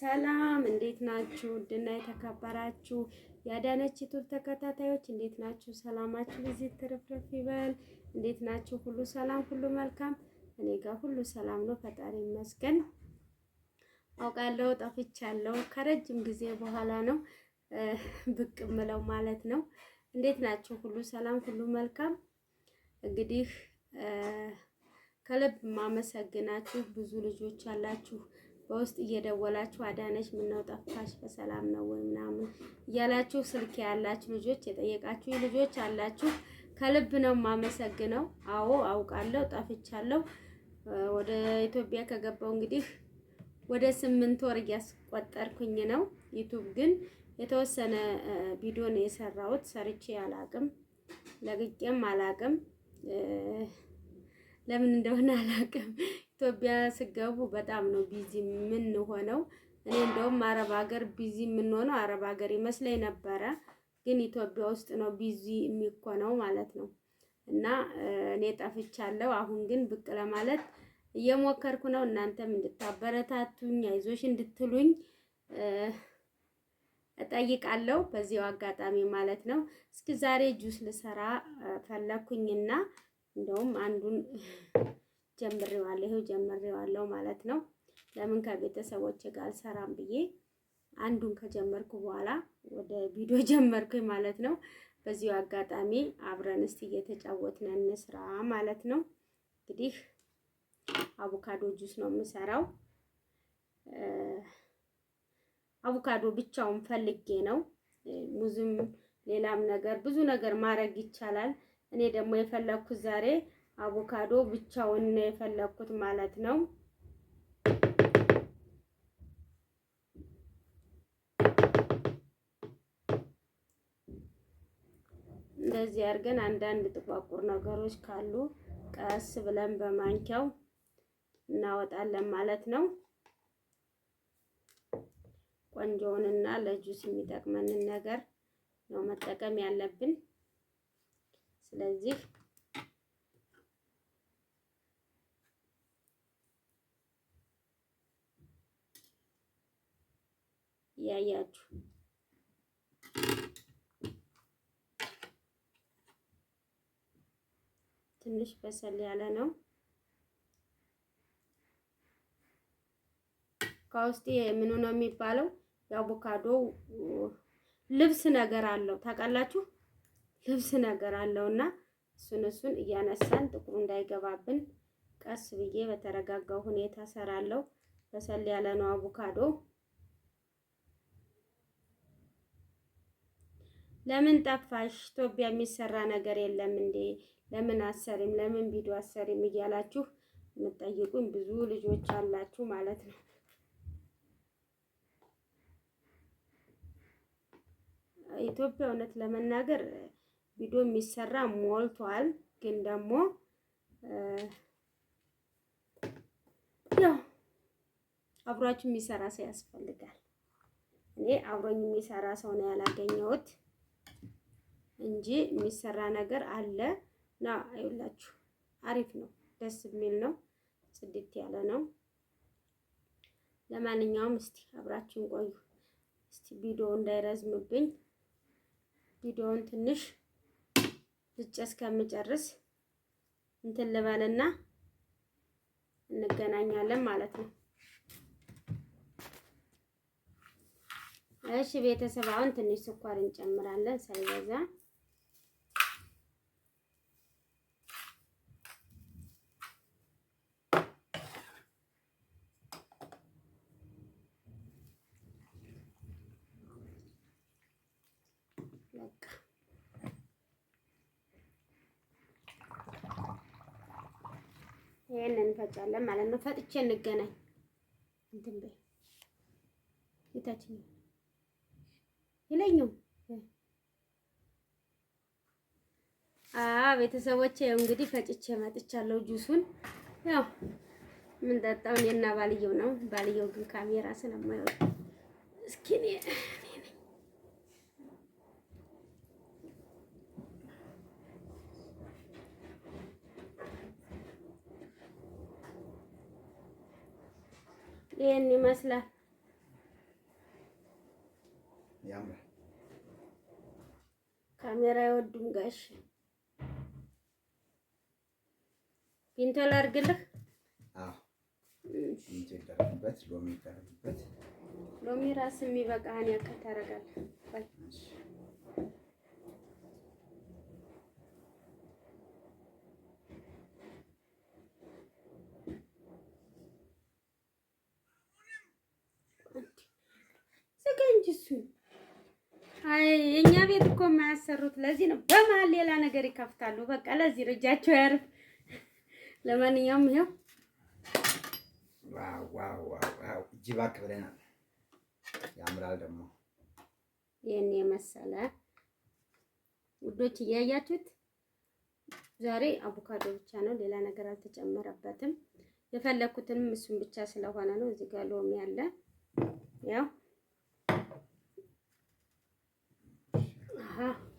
ሰላም እንዴት ናችሁ? ውድና የተከበራችሁ የአዳነች ዩቱብ ተከታታዮች እንዴት ናችሁ? ሰላማችሁ እዚህ ትርፍርፍ ይበል። እንዴት ናችሁ? ሁሉ ሰላም፣ ሁሉ መልካም። እኔ ጋር ሁሉ ሰላም ነው፣ ፈጣሪ ይመስገን። አውቃለሁ ጠፍቻለሁ፣ ከረጅም ጊዜ በኋላ ነው ብቅ ምለው ማለት ነው። እንዴት ናችሁ? ሁሉ ሰላም፣ ሁሉ መልካም። እንግዲህ ከልብ ማመሰግናችሁ ብዙ ልጆች አላችሁ በውስጥ እየደወላችሁ አዳነች፣ ምነው ጠፋሽ፣ በሰላም ነው ወይ ምናምን እያላችሁ ስልክ ያላችሁ ልጆች፣ የጠየቃችሁ ልጆች አላችሁ። ከልብ ነው የማመሰግነው። አዎ አውቃለሁ፣ ጠፍቻለሁ። ወደ ኢትዮጵያ ከገባው እንግዲህ ወደ ስምንት ወር እያስቆጠርኩኝ ነው። ዩቱብ ግን የተወሰነ ቪዲዮ ነው የሰራሁት። ሰርቼ አላቅም፣ ለቅቄም አላቅም። ለምን እንደሆነ አላውቅም። ኢትዮጵያ ስገቡ በጣም ነው ቢዚ የምንሆነው። እኔ እንደውም አረብ ሀገር ቢዚ የምንሆነው አረብ ሀገር ይመስለኝ ነበረ፣ ግን ኢትዮጵያ ውስጥ ነው ቢዚ የሚኮነው ማለት ነው። እና እኔ ጠፍቻለሁ። አሁን ግን ብቅ ለማለት እየሞከርኩ ነው። እናንተም እንድታበረታቱኝ አይዞሽ እንድትሉኝ እጠይቃለሁ በዚያው አጋጣሚ ማለት ነው። እስኪ ዛሬ ጁስ ልሰራ ፈለኩኝና እንደውም አንዱን ጀምሬዋለሁ፣ ይሄው ጀምሬዋለሁ ማለት ነው። ለምን ከቤተሰቦች ጋር አልሰራም ብዬ አንዱን ከጀመርኩ በኋላ ወደ ቪዲዮ ጀመርኩ ማለት ነው። በዚሁ አጋጣሚ አብረን እስቲ እየተጫወትን እንስራ ማለት ነው። እንግዲህ አቮካዶ ጁስ ነው የምሰራው። አቮካዶ ብቻውን ፈልጌ ነው። ሙዝም ሌላም ነገር ብዙ ነገር ማድረግ ይቻላል። እኔ ደግሞ የፈለኩት ዛሬ አቮካዶ ብቻውን ነው የፈለኩት ማለት ነው። እንደዚህ አድርገን አንዳንድ ጥቋቁር ነገሮች ካሉ ቀስ ብለን በማንኪያው እናወጣለን ማለት ነው። ቆንጆውንና ለጁስ የሚጠቅመንን ነገር ነው መጠቀም ያለብን። ስለዚህ ያያችሁ ትንሽ በሰል ያለ ነው። ከውስጥ ምኑ ነው የሚባለው? የአቮካዶ ልብስ ነገር አለው ታውቃላችሁ። ልብስ ነገር አለውና እሱን እሱን እያነሳን ጥቁሩ እንዳይገባብን ቀስ ብዬ በተረጋጋው ሁኔታ ሰራለው። በሰል ያለ ነው አቮካዶ። ለምን ጠፋሽ? ኢትዮጵያ የሚሰራ ነገር የለም እንዴ? ለምን አሰሪም ለምን ቪዲዮ አሰሪም እያላችሁ የምጠይቁኝ ብዙ ልጆች አላችሁ ማለት ነው። ኢትዮጵያ እውነት ለመናገር ቪዲዮ የሚሰራ ሞልቷል። ግን ደግሞ ያው አብሯችሁ የሚሰራ ሰው ያስፈልጋል። እኔ አብሮኝ የሚሰራ ሰው ነው ያላገኘሁት እንጂ የሚሰራ ነገር አለ ና አይውላችሁ። አሪፍ ነው፣ ደስ የሚል ነው፣ ጽድት ያለ ነው። ለማንኛውም እስቲ አብራችሁን ቆዩ። እስቲ ቪዲዮ እንዳይረዝምብኝ ቪዲዮውን ትንሽ ፍጭ እስከምጨርስ እንትን ልበልና እንገናኛለን ማለት ነው። እሺ ቤተሰብ አሁን ትንሽ ስኳር እንጨምራለን ሳይበዛ ይሄንን እንፈጫለን ማለት ነው። ፈጥቼ እንገናኝ። እንትን በይ የታችኛው ይለኛው አ ቤተሰቦቼ እንግዲህ ፈጭቼ መጥቻለሁ። ጁሱን ያው የምንጠጣው እኔና ባልየው ነው። ባልየው ግን ካሜራ ስለማይወጣ እስኪ ይሄን ይመስላል። ካሜራ አይወዱም ጋሽ ፒንቶል አድርግልህ ሎሚ ይደረግበት ሎሚ ራስ የሚበቃህን ያክል ታደርጋለህ። እንጂ እሱ አይ የእኛ ቤት እኮ የማያሰሩት ለዚህ ነው። በመሀል ሌላ ነገር ይከፍታሉ። በቃ ለዚህ እጃቸው ያርፍ። ለማንኛውም ይኸው ዋው ዋው ዋው ያምራል ደግሞ ይህን የመሰለ ውዶች እያያችሁት ዛሬ አቮካዶ ብቻ ነው፣ ሌላ ነገር አልተጨመረበትም። የፈለኩትንም እሱን ብቻ ስለሆነ ነው። እዚህ ጋር ሎሚ አለ ያው Uh-huh.